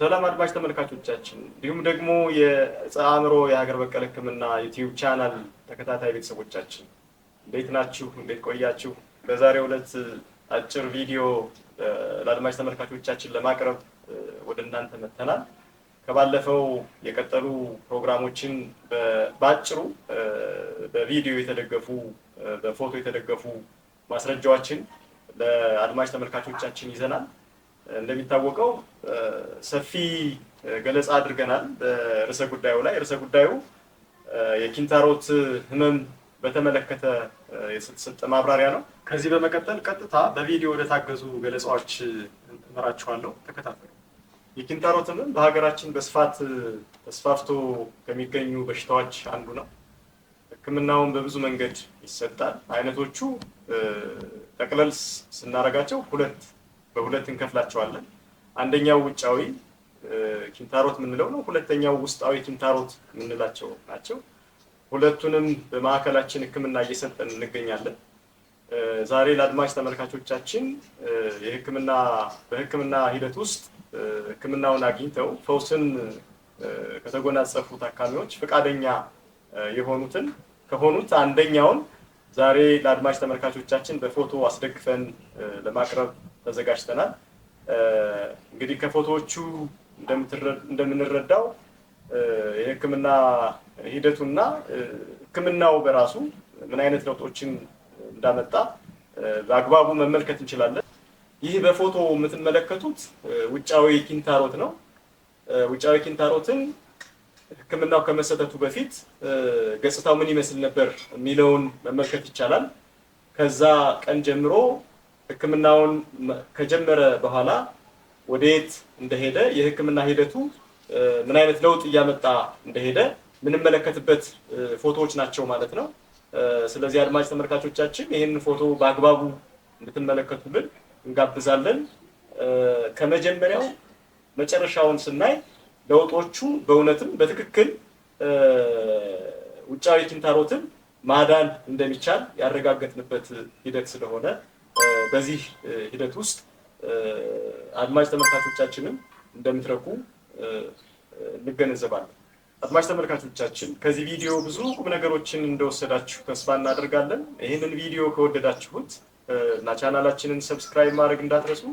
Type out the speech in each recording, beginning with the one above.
ሰላም አድማጭ ተመልካቾቻችን እንዲሁም ደግሞ የዕፀ የሀገር በቀል ሕክምና ዩቲዩብ ቻናል ተከታታይ ቤተሰቦቻችን እንዴት ናችሁ? እንዴት ቆያችሁ? በዛሬው ዕለት አጭር ቪዲዮ ለአድማጭ ተመልካቾቻችን ለማቅረብ ወደ እናንተ መተናል። ከባለፈው የቀጠሉ ፕሮግራሞችን በአጭሩ በቪዲዮ የተደገፉ በፎቶ የተደገፉ ማስረጃዎችን ለአድማጭ ተመልካቾቻችን ይዘናል። እንደሚታወቀው ሰፊ ገለጻ አድርገናል በርዕሰ ጉዳዩ ላይ። ርዕሰ ጉዳዩ የኪንታሮት ህመም በተመለከተ የተሰጠ ማብራሪያ ነው። ከዚህ በመቀጠል ቀጥታ በቪዲዮ ወደ ታገዙ ገለጻዎች እመራችኋለሁ። ተከታተሉ። የኪንታሮት ህመም በሀገራችን በስፋት ተስፋፍቶ ከሚገኙ በሽታዎች አንዱ ነው። ህክምናውን በብዙ መንገድ ይሰጣል። አይነቶቹ ጠቅለል ስናደርጋቸው ሁለት በሁለት እንከፍላቸዋለን። አንደኛው ውጫዊ ኪንታሮት የምንለው ነው። ሁለተኛው ውስጣዊ ኪንታሮት የምንላቸው ናቸው። ሁለቱንም በማዕከላችን ሕክምና እየሰጠን እንገኛለን። ዛሬ ለአድማጭ ተመልካቾቻችን የሕክምና በሕክምና ሂደት ውስጥ ሕክምናውን አግኝተው ፈውስን ከተጎናጸፉ ታካሚዎች ፈቃደኛ የሆኑትን ከሆኑት አንደኛውን ዛሬ ለአድማጭ ተመልካቾቻችን በፎቶ አስደግፈን ለማቅረብ ተዘጋጅተናል። እንግዲህ ከፎቶዎቹ እንደምንረዳው የሕክምና ሂደቱና ሕክምናው በራሱ ምን አይነት ለውጦችን እንዳመጣ በአግባቡ መመልከት እንችላለን። ይህ በፎቶ የምትመለከቱት ውጫዊ ኪንታሮት ነው። ውጫዊ ኪንታሮትን ሕክምናው ከመሰጠቱ በፊት ገጽታው ምን ይመስል ነበር የሚለውን መመልከት ይቻላል። ከዛ ቀን ጀምሮ ህክምናውን ከጀመረ በኋላ ወደየት እንደሄደ የህክምና ሂደቱ ምን አይነት ለውጥ እያመጣ እንደሄደ የምንመለከትበት ፎቶዎች ናቸው ማለት ነው። ስለዚህ አድማጭ ተመልካቾቻችን ይህንን ፎቶ በአግባቡ እንድትመለከቱልን እንጋብዛለን። ከመጀመሪያው መጨረሻውን ስናይ ለውጦቹ በእውነትም በትክክል ውጫዊ ኪንታሮትን ማዳን እንደሚቻል ያረጋገጥንበት ሂደት ስለሆነ በዚህ ሂደት ውስጥ አድማጭ ተመልካቾቻችንም እንደምትረኩ እንገነዘባለን። አድማጭ ተመልካቾቻችን ከዚህ ቪዲዮ ብዙ ቁም ነገሮችን እንደወሰዳችሁ ተስፋ እናደርጋለን። ይህንን ቪዲዮ ከወደዳችሁት እና ቻናላችንን ሰብስክራይብ ማድረግ እንዳትረሱ፣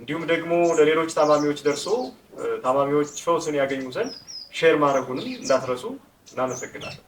እንዲሁም ደግሞ ለሌሎች ታማሚዎች ደርሶ ታማሚዎች ፈውስን ያገኙ ዘንድ ሼር ማድረጉንም እንዳትረሱ። እናመሰግናለን።